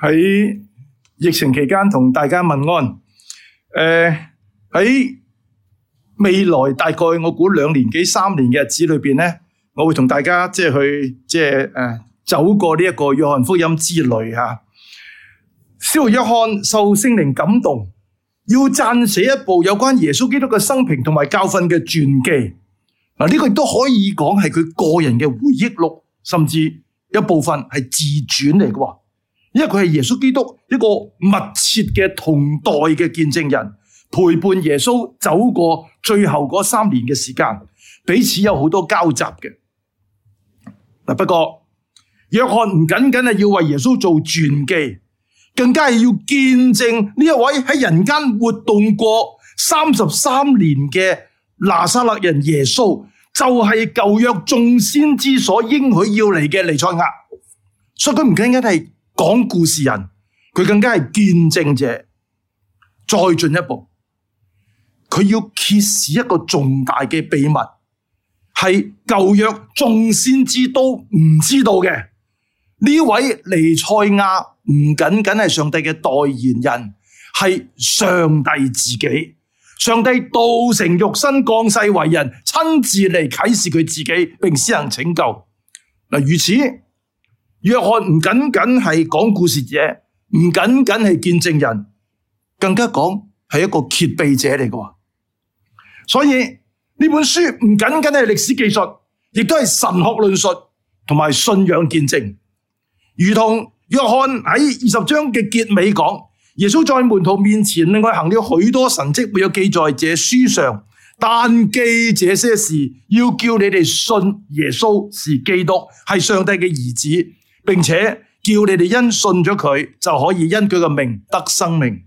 喺疫情期間同大家問安。誒、呃，喺未來大概我估兩年幾三年嘅日子裏邊咧，我會同大家即係去即係誒走過呢一個約翰福音之旅吓。小約翰受聖靈感動，要撰寫一部有關耶穌基督嘅生平同埋教訓嘅傳記。嗱、啊，呢、這個亦都可以講係佢個人嘅回憶錄，甚至一部分係自傳嚟嘅喎。因為佢係耶穌基督一個密切嘅同代嘅見證人，陪伴耶穌走過最後嗰三年嘅時間，彼此有好多交集嘅。不過約翰唔僅僅係要為耶穌做傳記，更加係要見證呢位喺人間活動過三十三年嘅拿撒勒人耶穌，就係舊約眾先知所應許要嚟嘅彌賽亞。所以佢唔僅僅係講故事人，佢更加係見證者。再進一步，佢要揭示一個重大嘅秘密，係舊約眾先知都唔知道嘅。呢位彌賽亞唔僅僅係上帝嘅代言人，係上帝自己。上帝道成肉身降世為人，親自嚟啟示佢自己，並施行拯救。嗱，如此。約翰不僅僅是講故事者，不僅僅是見證人，更加講是一個揭秘者嚟嘅。所以這本書不僅僅是歷史技術，亦都係神學論述同埋信仰見證。如同約翰在二十章的結尾講：耶穌在門徒面前另外行了許多神跡，沒有記載。這書上但記這些事，要叫你們信耶穌是基督，是上帝的兒子。並且叫你哋因信咗佢就可以因佢嘅名得生命。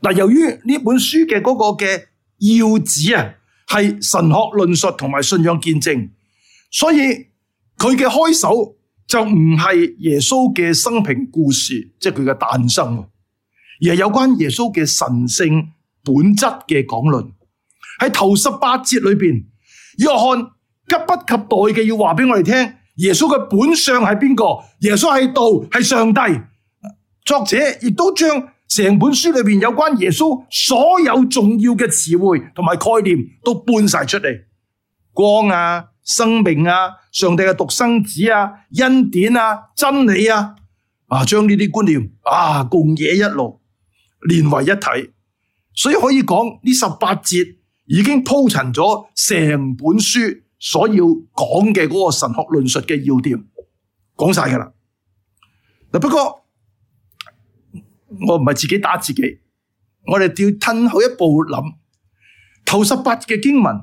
嗱，由於呢本書嘅嗰個嘅要旨啊，係神學論述同埋信仰見證，所以佢嘅開首就唔係耶穌嘅生平故事，即係佢嘅誕生，而係有關耶穌嘅神聖本質嘅講論。喺頭十八節裏邊，約翰急不及待嘅要話俾我哋聽。耶穌嘅本相係邊個？耶穌係道，係上帝。作者亦都將成本書裏面有關耶穌所有重要嘅詞彙同埋概念都搬晒出嚟，光啊、生命啊、上帝嘅獨生子啊、恩典啊、真理啊，啊，將呢啲觀念啊共冶一爐連為一體，所以可以講呢十八節已經鋪陳咗成本書。所要講嘅嗰個神學論述嘅要點，講晒噶啦。嗱，不過我唔係自己打自己，我哋要褪後一步諗，頭十八嘅經文，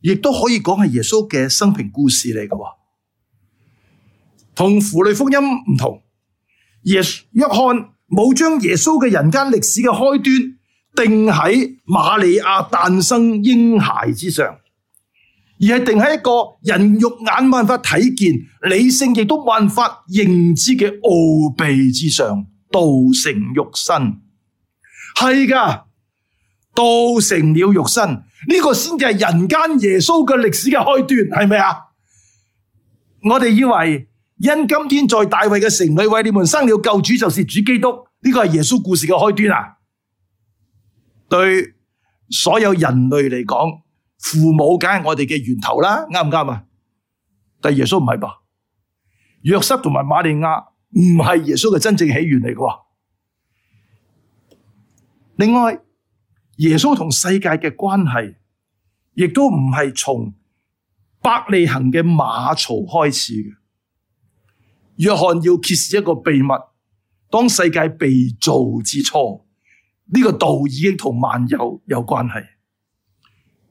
亦都可以講係耶穌嘅生平故事嚟嘅。同《符類福音》唔同，耶約翰冇將耶穌嘅人間歷史嘅開端定喺馬利亞誕生嬰孩之上。而係定喺一個人肉眼冇辦法睇見、理性亦都冇辦法認知嘅奧秘之上，道成肉身，係噶，道成了肉身，呢、這個先至係人間耶穌嘅歷史嘅開端，係咪啊？我哋以為因今天在大衛嘅城裏為你們生了救主，就是主基督，呢、這個係耶穌故事嘅開端啊！對所有人類嚟講。父母梗係我哋嘅源頭啦，啱唔啱啊？但係耶穌唔係吧？約瑟同埋瑪利亞唔係耶穌嘅真正起源嚟嘅。另外，耶穌同世界嘅關係，亦都唔係從伯利恆嘅馬槽開始嘅。約翰要揭示一個秘密：當世界被造之初，呢個道已經同萬有有關係。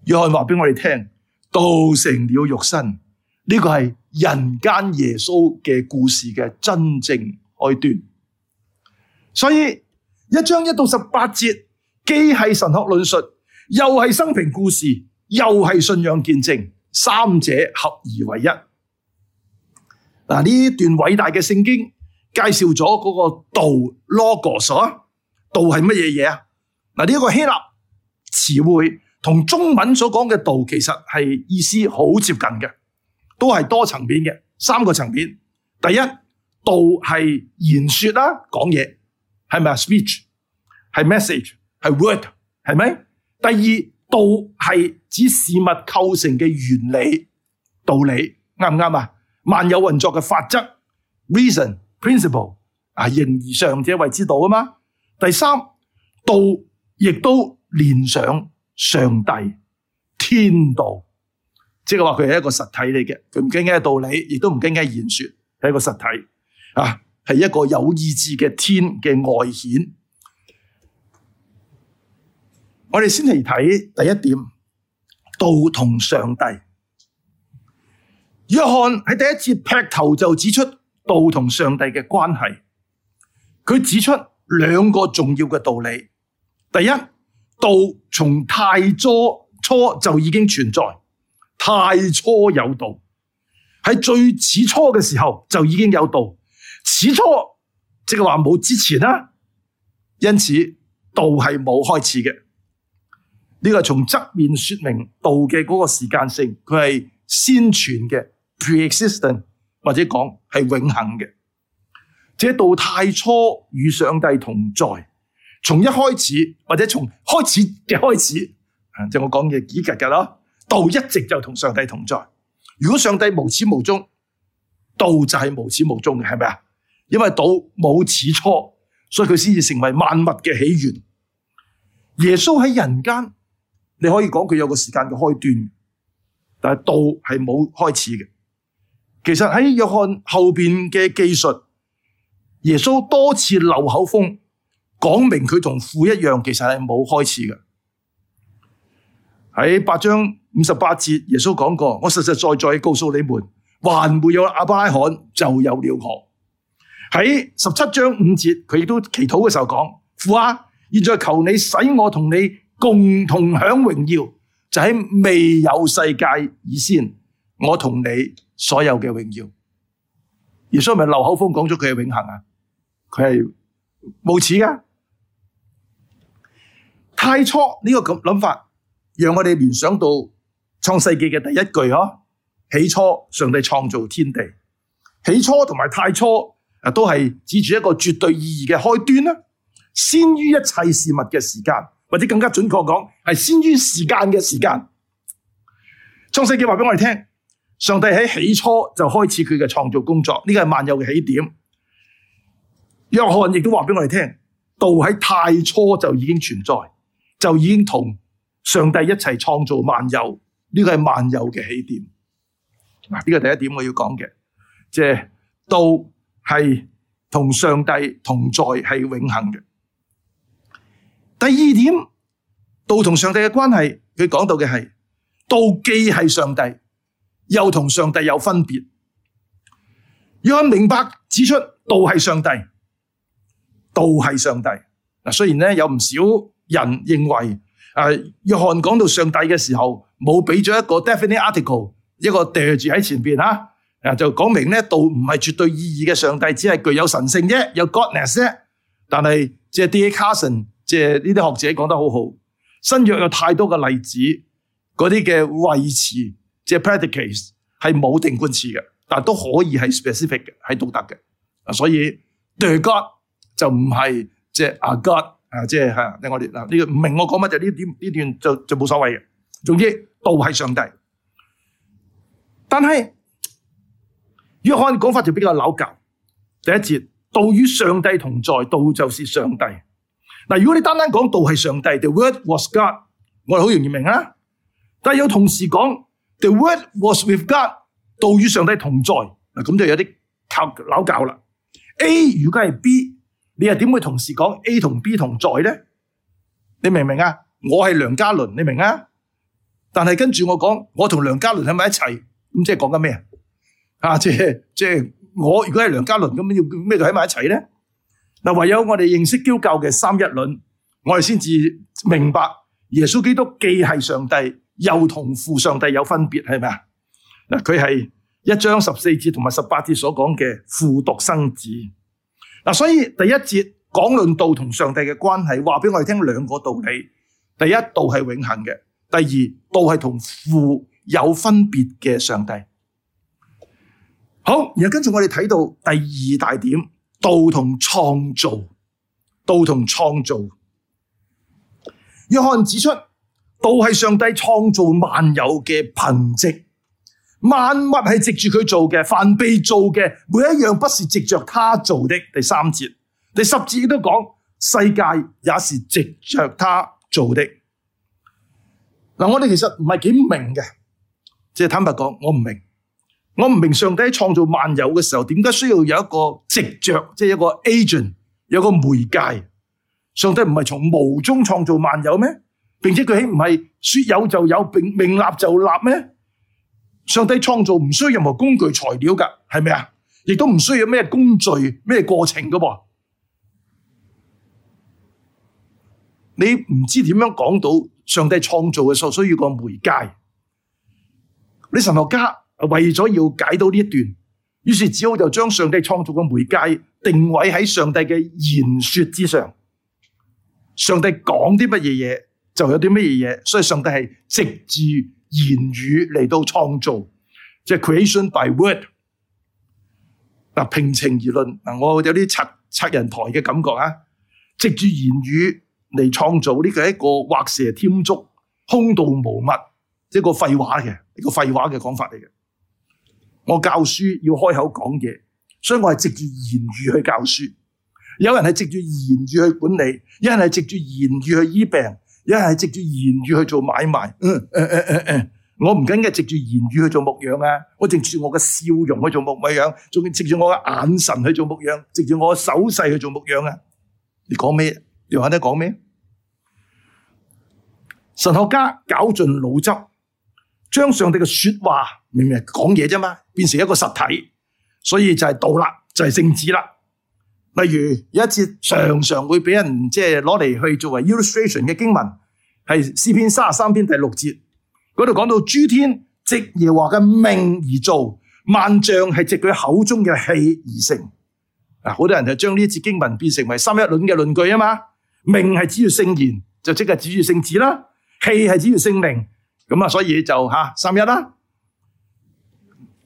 約翰話俾我哋聽，道成了肉身，呢個係人間耶穌嘅故事嘅真正開端。所以一章一到十八節，既係神學論述，又係生平故事，又係信仰見證，三者合而為一。嗱，呢一段偉大嘅聖經介紹咗嗰個道 logos，道係乜嘢嘢啊？嗱，呢個希臘詞彙，同中文所講嘅道其實係意思好接近嘅，都係多層面嘅，三個層面。第一，道係言說啦，講嘢係咪 speech 係 message 係 word 係咪？第二，道係指事物構成嘅原理道理，啱唔啱啊？萬有運作嘅法則 reason principle 啊，形而上者謂之道啊嘛。第三，道亦都聯想。上帝、天道，即係話佢係一個實體嚟嘅，佢唔經嘅道理，亦都唔經嘅言說，係一個實體啊，係一個有意志嘅天嘅外顯。我哋先嚟睇第一點，道同上帝。約翰喺第一節劈頭就指出道同上帝嘅關係，佢指出兩個重要嘅道理，第一，道從太初初就已經存在，太初有道，喺最始初嘅時候就已經有道。始初即係話冇之前啦，因此道係冇開始嘅。呢個從側面說明道嘅嗰個時間性，佢係先傳嘅，pre-existent，或者講係永恆嘅。這道太初與上帝同在。從一開始，或者從開始嘅開始，即係我講嘅幾夾夾咯。道一直就同上帝同在。如果上帝無始無終，道就係無始無終嘅，係咪啊？因為道冇始初，所以佢先至成為萬物嘅起源。耶穌喺人間，你可以講佢有個時間嘅開端，但係道係冇開始嘅。其實喺約翰後邊嘅記述，耶穌多次漏口風。講明佢同父一樣，其實係冇開始㗎。喺八章五十八節，耶穌講過：我實實在在告訴你們，還沒有亞伯拉罕就有了我。喺十七章五節，佢亦都祈禱嘅時候講：父啊，現在求你使我同你共同享榮耀，就喺未有世界以先，我同你所有嘅榮耀。耶穌係咪留口風講咗佢係永恒啊？佢係無始㗎。太初呢個咁諗法，讓我哋聯想到創世紀嘅第一句哦，起初上帝創造天地，起初同埋太初啊，都係指住一個絕對意義嘅開端啦，先於一切事物嘅時間，或者更加準確講，係先於時間嘅時間。創世紀話俾我哋聽，上帝喺起初就開始佢嘅創造工作，呢個係萬有嘅起點。約翰亦都話俾我哋聽，道喺太初就已經存在。就已經同上帝一齊創造萬有，呢個係萬有嘅起點。嗱，呢個第一點我要講嘅，即係道係同上帝同在係永恆嘅。第二點，道同上帝嘅關係，佢講到嘅係道既係上帝，又同上帝有分別。要我明白指出，道係上帝，道係上帝。嗱，雖然咧有唔少。人認為，誒約翰講到上帝嘅時候，冇俾咗一個 definite article 一個住喺前面，就講明呢度唔係絕對意義嘅上帝，只係具有神性啫，有 godness 啫。但係即係 D.A. Carson 即係呢啲學者講得好好。新約有太多嘅例子，嗰啲嘅謂詞即係 predicate 係冇定冠詞嘅，但係都可以係 specific 嘅，係道德嘅。所以 the God 就唔係即係阿 God。啊，即係吓，我哋嗱，呢個唔明我講乜就呢啲呢段就就冇所謂嘅。總之，道係上帝，但係約翰講法就比較扭教。第一節，道與上帝同在，道就是上帝。嗱，如果你單單講道係上帝，the word was God，我哋好容易明啦。但係有同事講 the word was with God，道與上帝同在，嗱咁就有啲靠扭教啦。A 如果係 B。你又點會同時講 A 同 B 同在咧？你明唔明啊？我係梁家麟，你明啊？但係跟住我講，我同梁家麟喺埋一齊，咁即係講緊咩啊？啊，即係即係我如果係梁家麟咁樣要咩就喺埋一齊咧？嗱，唯有我哋認識基督教嘅三一論，我哋先至明白耶穌基督既係上帝，又同父上帝有分別，係咪啊？嗱，佢係一章十四節同埋十八節所講嘅父獨生子。所以第一節講論道同上帝嘅關係，話俾我哋聽兩個道理：第一，道係永恒嘅；第二，道係同父有分別嘅上帝。好，然後跟住我哋睇到第二大點，道同創造，道同創造。約翰指出，道係上帝創造萬有嘅憑藉。萬物係藉住佢做嘅，凡被造嘅每一樣，不是藉着他做的。第三節、第十節都講，世界也是藉着他做的。嗱，我哋其實唔係幾明嘅，即係坦白講，我唔明，我唔明上帝創造萬有嘅時候，點解需要有一個藉着，即係一個 agent，有個媒介。上帝唔係從無中創造萬有咩？並且佢豈唔係說有就有，並命立就立咩？上帝創造唔需要任何工具材料噶，係咪啊？亦都唔需要咩工序、咩過程噶噃。你唔知點樣講到上帝創造嘅所需要個媒介，你神學家為咗要解到呢一段，於是只好就將上帝創造嘅媒介定位喺上帝嘅言說之上。上帝講啲乜嘢嘢，就有啲乜嘢嘢，所以上帝係直至。言語嚟到創造，即係 creation by word。嗱，平情而論，嗱，我有啲七,七人台嘅感覺啊！藉住言語嚟創造呢個係一個畫蛇添足、空洞無物，一個廢話嘅一個廢話嘅講法嚟嘅。我教書要開口講嘢，所以我係藉住言語去教書。有人係藉住言語去管理，有人係藉住言語去醫病。一係藉住言語去做買賣，嗯，嗯嗯嗯我唔緊要藉住言語去做牧養啊！我藉住我嘅笑容去做牧養，仲藉住我嘅眼神去做牧養，藉住我的手勢去做牧養啊！你講咩？你話呢講咩？神學家絞盡腦汁，將上帝嘅說話，明明講嘢啫嘛，變成一個實體，所以就係道啦，就係聖子啦。例如有一節常常會畀人攞嚟去作為 illustration 嘅經文，係詩篇三十三篇第六節，嗰度講到諸天藉耶和華嘅命而造，萬象係藉佢口中嘅氣而成。好多人就將呢節經文變成為三一論嘅論據啊嘛，命係指住聖言，就即係指住聖子啦，氣係指住聖靈。啊，所以就三一啦。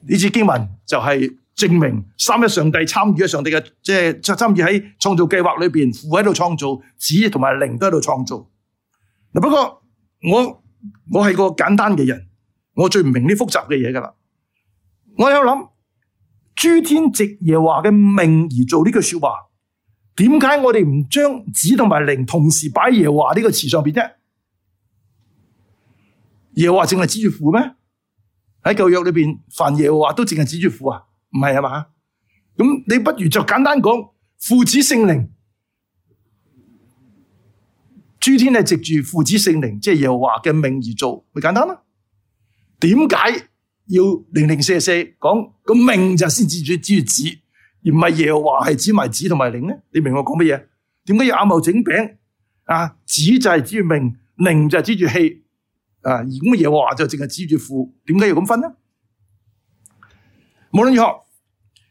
呢節經文就係證明三一上帝參與咗上帝嘅，即係參與喺創造計劃裏邊，父喺度創造，子同埋靈都喺度創造。嗱，不過我我係個簡單嘅人，我最唔明呢複雜嘅嘢噶啦。我有諗，諸天藉耶和華嘅命而做呢句説話，點解我哋唔將子同埋靈同時擺喺耶和華呢個詞上邊啫？耶和華淨係指住父咩？喺舊約裏邊，凡耶和華都淨係指住父啊！唔係啊嘛？咁你不如就簡單講父子聖靈，諸天係藉住父子聖靈，即係耶和華嘅命而做，咪簡單啦。點解要零零四四講個命就先指住指住子，而唔係耶和華係指埋子同埋靈咧？你明我講乜嘢？點解要阿茂整餅啊？子就係指住命，靈就係指住氣啊？而咁耶和華就淨係指住父，點解要咁分呢？無論如何，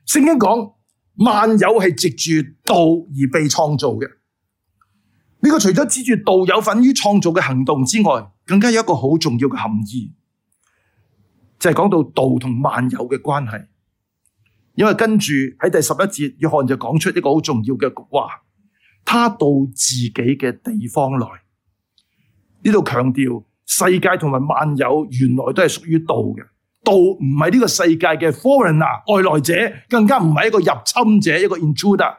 聖經講萬有係藉住道而被創造嘅。呢、這個除咗指住道有份於創造嘅行動之外，更加有一個好重要嘅含義，就係講到道同萬有嘅關係。因為跟住喺第十一節，約翰就講出一個好重要嘅話：他到自己嘅地方來。呢度強調世界同埋萬有原來都係屬於道嘅。道唔係呢個世界嘅 foreigner 外來者，更加唔係一個入侵者，一個 intruder。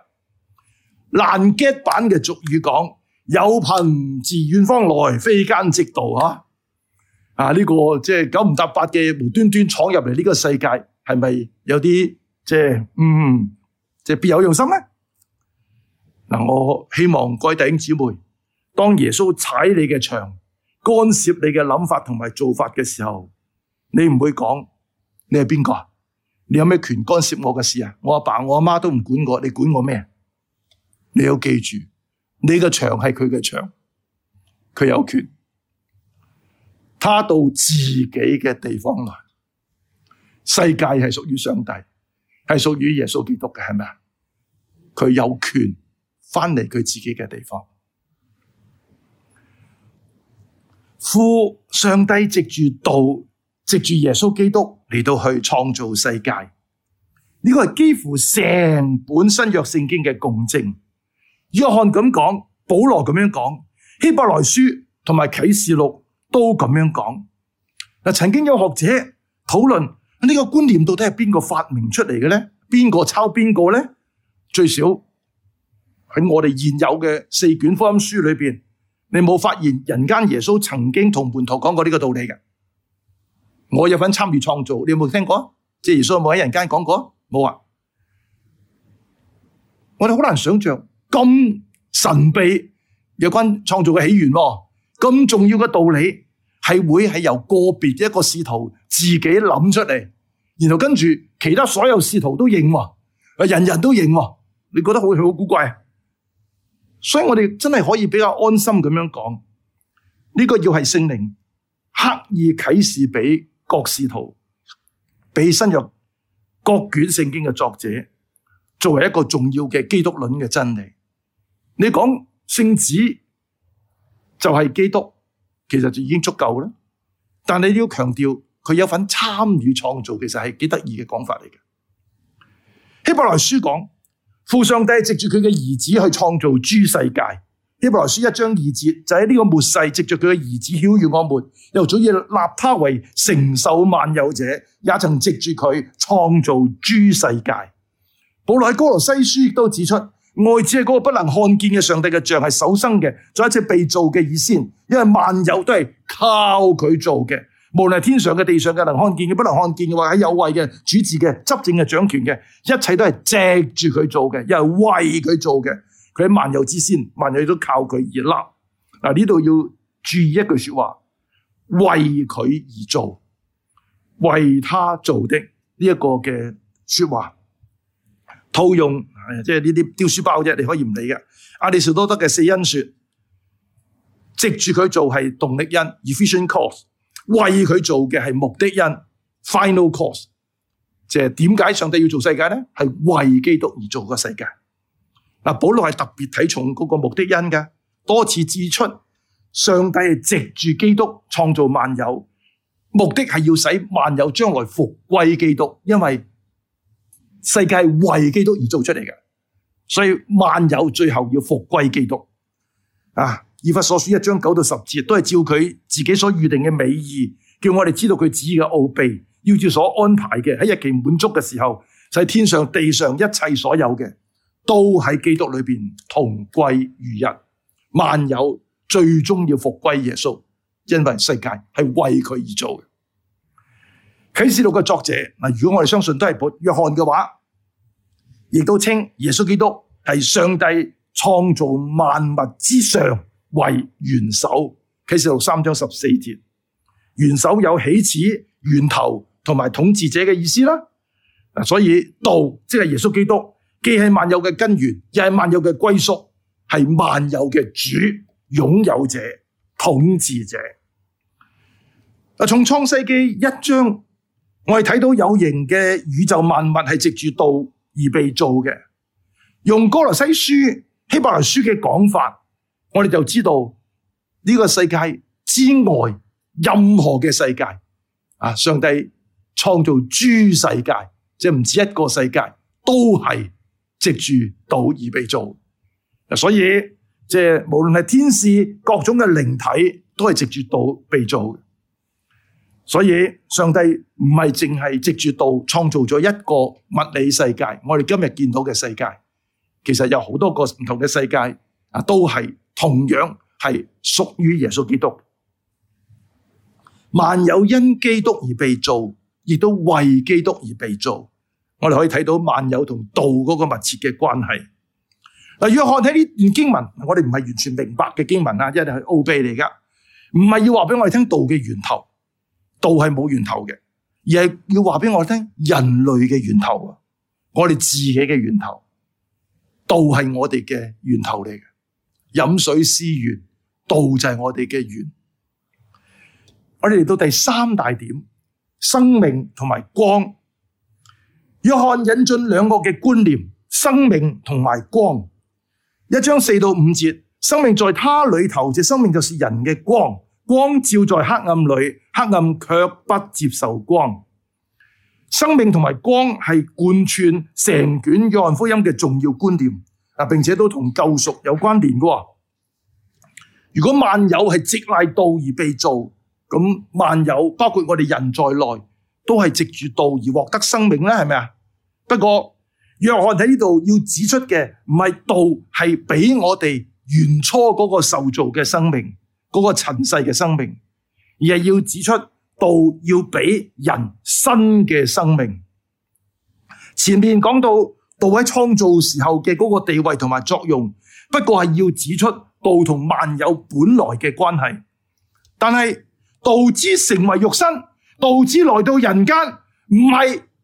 爛 get 版嘅俗語講：有朋自遠方來，非奸即盜」。吓啊，呢、這個即係、就是、九唔搭八嘅無端端闖入嚟呢個世界，係咪有啲即係嗯，即、就、係、是、別有用心咧？嗱，我希望各位弟兄姊妹，當耶穌踩你嘅牆，干涉你嘅諗法同埋做法嘅時候。你唔會講，你係邊個？你有咩權干涉我嘅事啊？我阿爸、爸，我阿媽都唔管我，你管我咩？你要記住,你嘅牆係佢嘅牆，佢有權，他到自己嘅地方來。世界係屬於上帝，係屬於耶穌基督嘅，係咪啊？佢有權翻嚟佢自己嘅地方。呼，上帝藉住道，藉住耶穌基督嚟到去創造世界，呢個係幾乎成本新約聖經嘅共證。約翰咁講，保羅咁樣講，希伯來書同埋啟示錄都咁樣講。曾經有學者討論呢、這個觀念到底係邊個發明出嚟嘅呢？邊個抄邊個呢？最少喺我哋現有嘅四卷福音書裏面，你冇發現人間耶穌曾經同門徒講過呢個道理嘅？我有份參與創造，你有冇聽過？即係所以冇喺人間講過，冇啊！我哋好難想像咁神秘有關創造嘅起源，咁重要嘅道理係會係由個別一個使徒自己諗出嚟，然後跟住其他所有使徒都認，喎，人人都認，你覺得好佢好古怪。所以我哋真係可以比較安心咁樣講，呢個要係聖靈刻意啟示俾。各視徒被新約各卷聖經嘅作者作為一個重要嘅基督論嘅真理，你講聖子就係基督，其實就已經足夠啦，但你要強調佢有份參與創造，其實係幾得意嘅講法嚟嘅。希伯來書講父上帝藉住佢嘅兒子去創造諸世界。希伯來書一章二節，就喺呢個末世，藉着佢嘅兒子曉諭我們，又早已立他為承受萬有者，也曾藉住佢創造諸世界。保羅喺哥羅西書亦都指出，愛子係嗰個不能看見嘅上帝嘅像係首生嘅，就一隻被造嘅意思，因為萬有都係靠佢做嘅，無論係天上嘅，地上嘅，能看見嘅，不能看見嘅，或係有位嘅，主治嘅，執政嘅，掌權嘅，一切都係借住佢做嘅，又係為佢做嘅。佢喺萬有之先，萬有都靠佢而立。嗱，呢度要注意一句說話，為佢而做，為他做的呢一、這個嘅說話套用，即係呢啲丟書包啫，你可以唔理嘅。阿里士多德嘅四因說，藉住佢做係動力因 e f f i c i e n t cause），為佢做嘅係目的因 （final cause）。即係點解上帝要做世界咧？係為基督而做個世界。嗱，保羅係特別睇重嗰個目的因嘅，多次指出上帝係藉住基督創造萬有，目的係要使萬有將來復歸基督，因為世界係為基督而做出嚟嘅，所以萬有最後要復歸基督。啊，以弗所書一章九到十節都係照佢自己所預定嘅美意，叫我哋知道佢旨意嘅奧秘，要照所安排嘅喺日期滿足嘅時候，就係天上地上一切所有嘅。都喺基督裏邊同歸於一，萬有最終要復歸耶穌，因為世界係為佢而做嘅。啟示錄嘅作者嗱，如果我哋相信都係約翰嘅話，亦都稱耶穌基督係上帝創造萬物之上為元首。啟示錄三章十四節，元首有起始、源頭同埋統治者嘅意思啦。所以道即係耶穌基督。既係萬有嘅根源，又係萬有嘅歸宿，係萬有嘅主、擁有者、統治者。啊，從創世記一章，我哋睇到有形嘅宇宙萬物係藉住道而被造嘅。用哥羅西書、希伯來書嘅講法，我哋就知道呢個世界之外任何嘅世界，啊，上帝創造諸世界，即係唔止一個世界，都係藉住道而被造，所以即係無論係天使各種嘅靈體，都係藉住道被造。所以上帝唔係淨係藉住道創造咗一個物理世界，我哋今日見到嘅世界，其實有好多個唔同嘅世界啊，都係同樣係屬於耶穌基督。萬有因基督而被造，亦都為基督而被造。我哋可以睇到萬有同道嗰個密切嘅關係。嗱，如果看睇呢段經文，我哋唔係完全明白嘅經文啊，一定係奧秘嚟噶，唔係要話俾我哋聽道嘅源頭，道係冇源頭嘅，而係要話俾我哋聽人類嘅源頭，我哋自己嘅源頭，道係我哋嘅源頭嚟嘅。飲水思源，道就係我哋嘅源。我哋嚟到第三大點，生命同埋光。約翰引進兩個嘅觀念，生命同埋光。一章四到五節，生命在他裏頭，這生命就是人嘅光，光照在黑暗裏，黑暗卻不接受光。生命同埋光係貫穿成卷約翰福音嘅重要觀念，並且都同救贖有關聯嘅。如果萬有係藉賴道而被造，咁萬有，包括我哋人在內，都係藉住道而獲得生命，係咪啊？不過，約翰喺呢度要指出嘅唔係道係俾我哋原初嗰個受造嘅生命，嗰個塵世嘅生命，而係要指出道要俾人新嘅生命。前面講到道喺創造時候嘅嗰個地位同埋作用，不過係要指出道同萬有本來嘅關係。但係道之成為肉身，道之來到人間，唔係。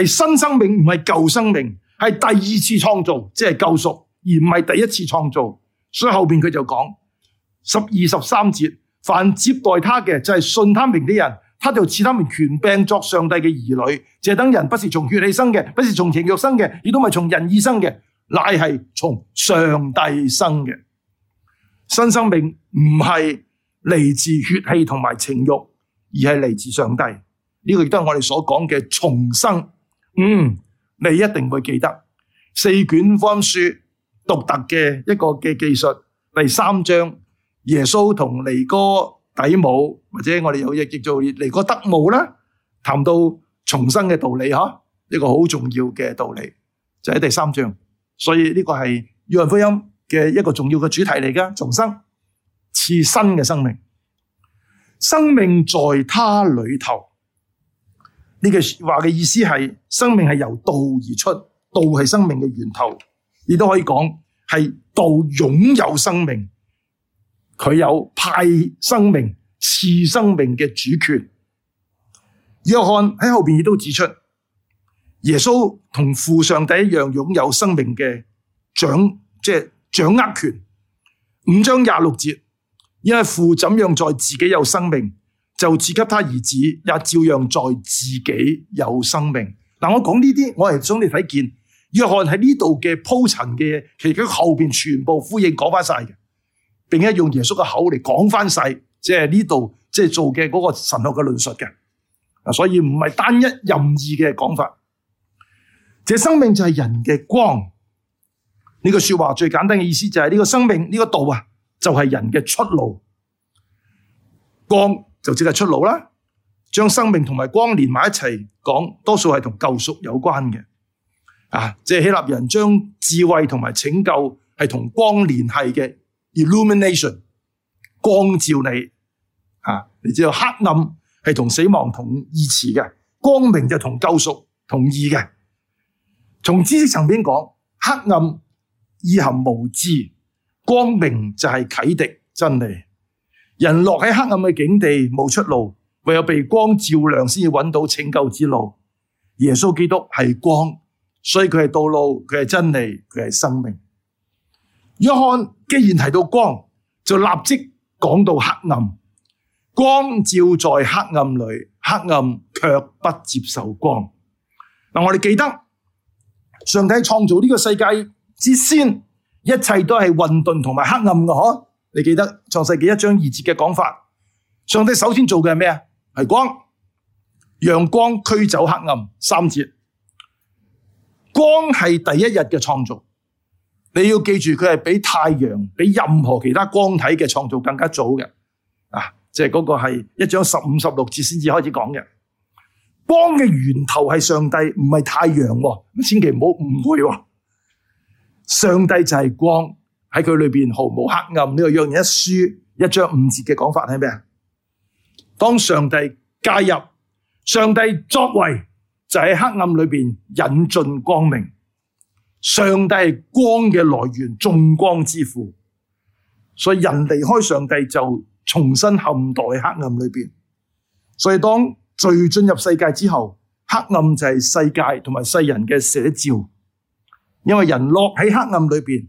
是新生命，唔是舊生命，是第二次創造，即是救贖，而唔是第一次創造。所以後面佢就講十二十三節，凡接待他嘅就是信他名的人，他就賜他們權柄作上帝嘅兒女。這等人不是從血氣生嘅，不是從情欲生嘅，亦都唔係從人意生嘅，乃是從上帝生嘅。新生命唔是嚟自血氣同埋情欲，而是嚟自上帝。呢、這個亦都係我哋所講嘅重生。嗯，你一定會記得四卷方書獨特嘅一個嘅技術，第三章耶穌同尼哥底母，或者我哋有嘢叫做尼哥德母啦，談到重生嘅道理，嗬，一個好重要嘅道理就喺第三章，所以呢個係《約翰福音》嘅一個重要嘅主題嚟㗎，重生賜新嘅生命，生命在他裏頭。呢句話嘅意思係生命係由道而出，道係生命嘅源頭。亦都可以講係道擁有生命，佢有派生命賜生命嘅主權。約翰喺後邊亦都指出，耶穌同父上帝一樣擁有生命嘅掌，即係掌握權。五章廿六節，因為父怎樣在自己有生命，就賜給他兒子，也照樣在自己有生命。嗱，我講呢啲，我係想你睇見，約翰喺呢度嘅鋪陳嘅嘢，其實後邊全部呼應講翻晒嘅，並且用耶穌嘅口嚟講翻晒，即係呢度即係做嘅嗰個神學嘅論述嘅。所以唔係單一任意嘅講法。這生命就係人嘅光。呢個說話最簡單嘅意思就係呢個生命呢個道啊，就係人嘅出路光。就即係出路啦，將生命同埋光連埋一齊講，多數係同救贖有關嘅。啊，即係希臘人將智慧同埋拯救係同光聯繫嘅，illumination 光照你。啊，你知道黑暗係同死亡同義詞嘅，光明就同救贖同義嘅。從知識層面講，黑暗意含無知，光明就係啟迪真理。人落喺黑暗嘅境地冇出路，唯有被光照亮先至揾到拯救之路。耶穌基督係光，所以佢係道路，佢係真理，佢係生命。約翰既然提到光，就立即講到黑暗。光照在黑暗裏，黑暗卻不接受光。嗱，我哋記得上帝創造呢個世界之先，一切都係混沌同埋黑暗嘅，嗬。你記得創世記一章二節嘅講法，上帝首先做嘅係咩啊？係光，陽光驅走黑暗。三節，光係第一日嘅創造。你要記住，佢係比太陽、比任何其他光體嘅創造更加早嘅。啊，即係嗰個係一章十五十六節先至開始講嘅。光嘅源頭係上帝，唔係太陽喎、啊。咁千祈唔好誤會喎、啊。上帝就係光。喺佢裏邊毫無黑暗。呢個約翰一書一章五節嘅講法係咩啊？當上帝介入，上帝作為就喺黑暗裏邊引進光明。上帝係光嘅來源、眾光之父。所以人離開上帝就重新陷入黑暗裏邊。所以當罪進入世界之後，黑暗就係世界同埋世人嘅寫照。因為人落喺黑暗裏邊。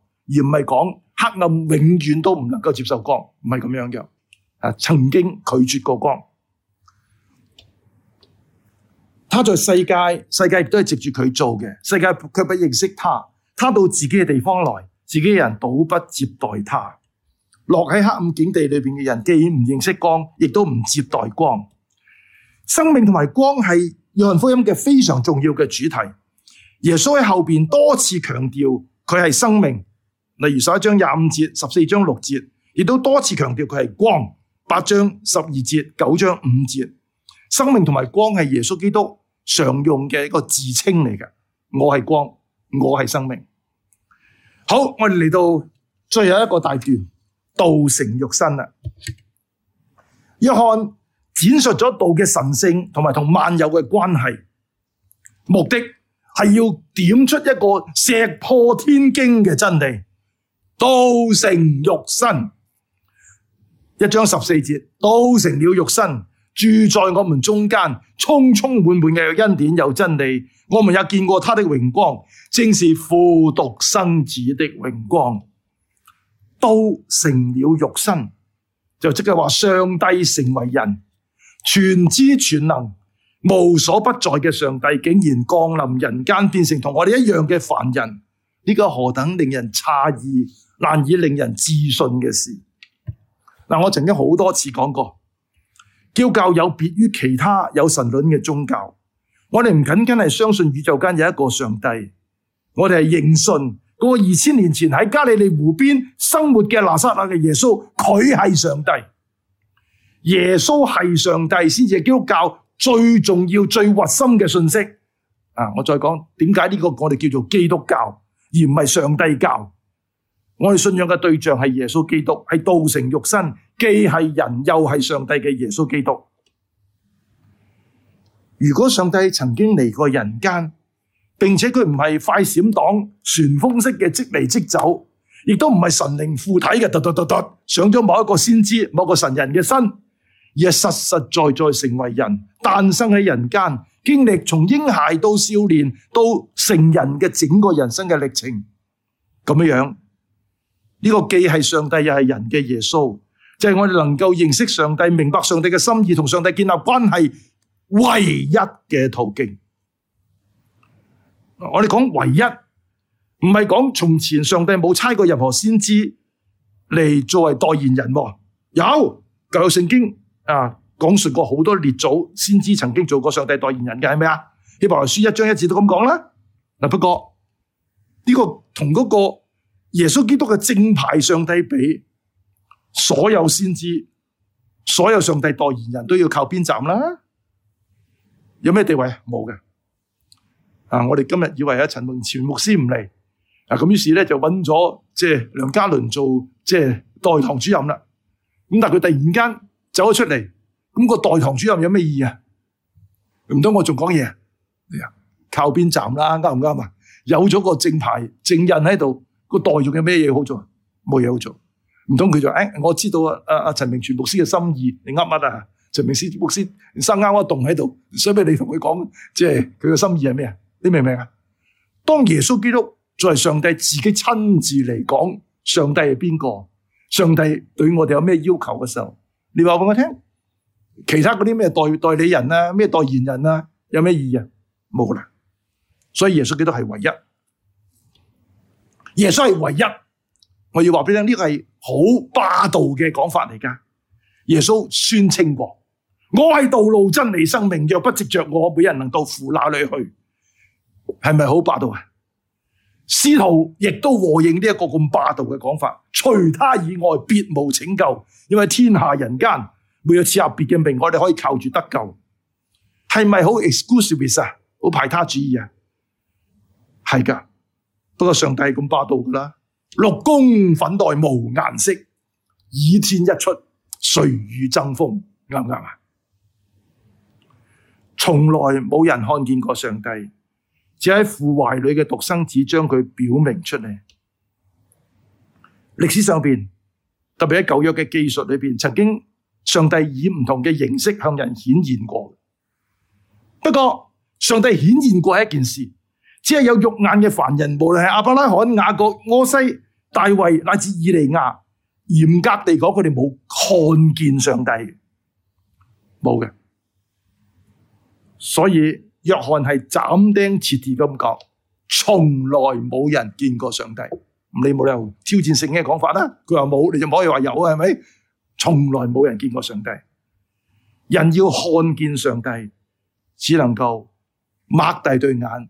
而唔係講黑暗永遠都唔能夠接受光，唔係咁樣嘅。曾經拒絕過光，他在世界，世界都係藉住佢做嘅，世界卻不認識他。他到自己嘅地方來，自己嘅人倒不接待他。落喺黑暗境地裏邊嘅人，既然唔認識光，亦都唔接待光。生命同埋光係《約翰福音》嘅非常重要嘅主題。耶穌喺後邊多次強調佢係生命。例如十一章廿五節、十四章六節，亦都多次強調佢係光，八章十二節、九章五節，生命同埋光係耶穌基督常用嘅一個自稱嚟嘅，我係光，我係生命。好，我哋嚟到最後一個大段，道成肉身啦。約翰展述咗道嘅神聖同埋同萬有嘅關係，目的係要點出一個石破天驚嘅真理。道成肉身，一章十四節，道成了肉身，住在我們中間，充充滿滿嘅恩典又真理。我們也見過他的榮光，正是父獨生子的榮光。道成了肉身，就即係話上帝成為人，全知全能、無所不在嘅上帝竟然降臨人間，變成同我哋一樣嘅凡人，呢、這個何等令人詫異！難以令人自信嘅事。嗱，我曾經好多次講過，基督教有別於其他有神論嘅宗教。我哋唔僅僅係相信宇宙間有一個上帝，我哋係認信嗰、那個二千年前喺加利利湖邊生活嘅拿撒勒嘅耶穌，佢係上帝。耶穌係上帝，先至係基督教最重要、最核心嘅信息。啊，我再講點解呢個我哋叫做基督教，而唔係上帝教。我哋信仰嘅對象係耶穌基督，係道成肉身，既係人又係上帝嘅耶穌基督。如果上帝曾經嚟過人間，並且佢唔係快閃黨、旋風式嘅即嚟即走，亦都唔係神靈附體嘅，突突突突上咗某一個先知、某個神人嘅身，而係實實在在成為人，誕生喺人間，經歷從嬰孩到少年到成人嘅整個人生嘅歷程，咁樣樣。呢個既係上帝，又係人嘅耶穌，就係我哋能夠認識上帝、明白上帝嘅心意、同上帝建立關係唯一嘅途徑。我哋講唯一，唔係講從前上帝冇差過任何先知嚟作為代言人有。有舊有聖經啊，講述過好多列祖先知曾經做過上帝代言人嘅，係咪啊？希伯來書一章一字都咁講啦。嗱，不過呢、呢個同嗰、嗰個。耶穌基督嘅正牌上帝俾所有先知，所有上帝代言人，都要靠邊站啦。有咩地位？冇嘅。啊，我哋今日以為阿陳文全牧師唔嚟，啊咁於是咧就揾咗即係梁家麟做即係代堂主任啦。咁但係佢突然間走咗出嚟，咁個代堂主任有咩意義啊？唔通我仲講嘢啊？靠邊站啦，啱唔啱啊？有咗個正牌正印喺度。個代用有咩嘢好做？冇嘢好做，唔通佢就誒，我知道阿阿陳明全牧師嘅心意，你啱啱啊？陳明全牧師，牧師你生啱一棟喺度，所以你同佢講，即係佢嘅心意係咩啊？你明唔明啊？當耶穌基督作為上帝自己親自嚟講，上帝係邊個？上帝對我哋有咩要求嘅時候，你話俾我聽，其他嗰啲咩代代理人啊，咩代言人啊，有咩意義啊？冇啦，所以耶穌基督係唯一。耶穌係唯一，我要話俾你聽，呢個係好霸道嘅講法嚟噶。耶穌宣稱過，我係道路、真理、生命，若不藉著我，冇人能夠到父那裏去，係咪好霸道啊？司徒亦都和應呢一個咁霸道嘅講法，除他以外，別無拯救，因為天下人間沒有賜下別嘅名，我哋可以靠住得救，係咪好 exclusive 啊？好排他主義啊？係噶。不過上帝咁霸道噶啦，六宮粉黛無顏色，倚天一出，誰與爭鋒？啱唔啱啊？從來冇人看見過上帝，只喺父懷裏嘅獨生子將佢表明出嚟。歷史上邊，特別喺舊約嘅記述裏邊，曾經上帝以唔同嘅形式向人顯現過。不過上帝顯現過一件事。只係有肉眼嘅凡人，無論係阿伯拉罕、雅各、俄西、大衛，乃至以利亞，嚴格地講，佢哋冇看見上帝，冇嘅。所以約翰係斬釘截鐵咁講，從來冇人見過上帝。你冇理由挑戰聖經嘅講法啦。佢話冇，你就唔可以話有呀，係咪？從來冇人見過上帝。人要看見上帝，只能夠擘大對眼。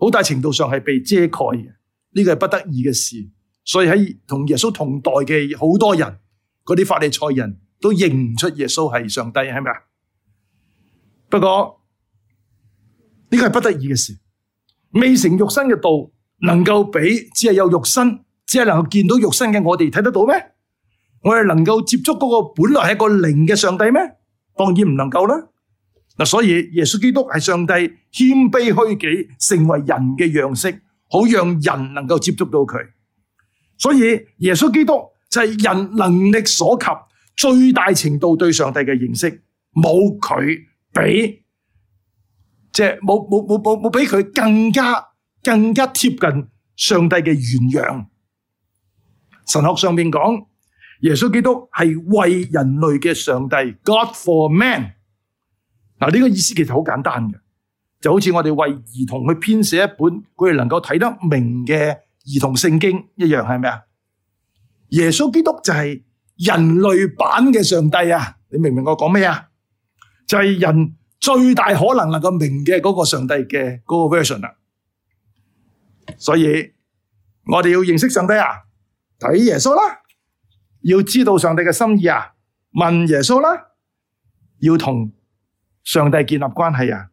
好大程度上係被遮蓋嘅，呢個係不得已嘅事。所以喺同耶穌同代嘅好多人，嗰啲法利賽人都認唔出耶穌係上帝，係咪啊？不過呢個係不得已嘅事。未成肉身嘅道，能夠俾只係有肉身，只係能夠見到肉身嘅我哋睇得到咩？我哋能夠接觸嗰個本來係一個靈嘅上帝咩？當然唔能夠啦。嗱，所以耶穌基督係上帝謙卑虛己，成為人嘅樣式，好讓人能夠接觸到佢。所以耶穌基督就係人能力所及最大程度對上帝嘅認識，冇佢比，即係冇冇冇冇冇比佢更加更加貼近上帝嘅原樣。神學上面講，耶穌基督係為人類嘅上帝，God for man。嗱，呢個意思其實好簡單嘅，就好似我哋為兒童去編寫一本佢哋能夠睇得明嘅兒童聖經一樣，係咪啊？耶穌基督就係人類版嘅上帝啊！你明唔明我講咩啊？就係人最大可能能夠明嘅嗰個上帝嘅嗰個 version 啊！所以我哋要認識上帝啊，睇耶穌啦，要知道上帝嘅心意啊，問耶穌啦，要同。上帝建立關係呀，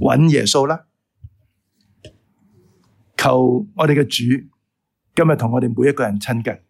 揾耶穌啦，求我哋嘅主今日同我哋每一個人親近。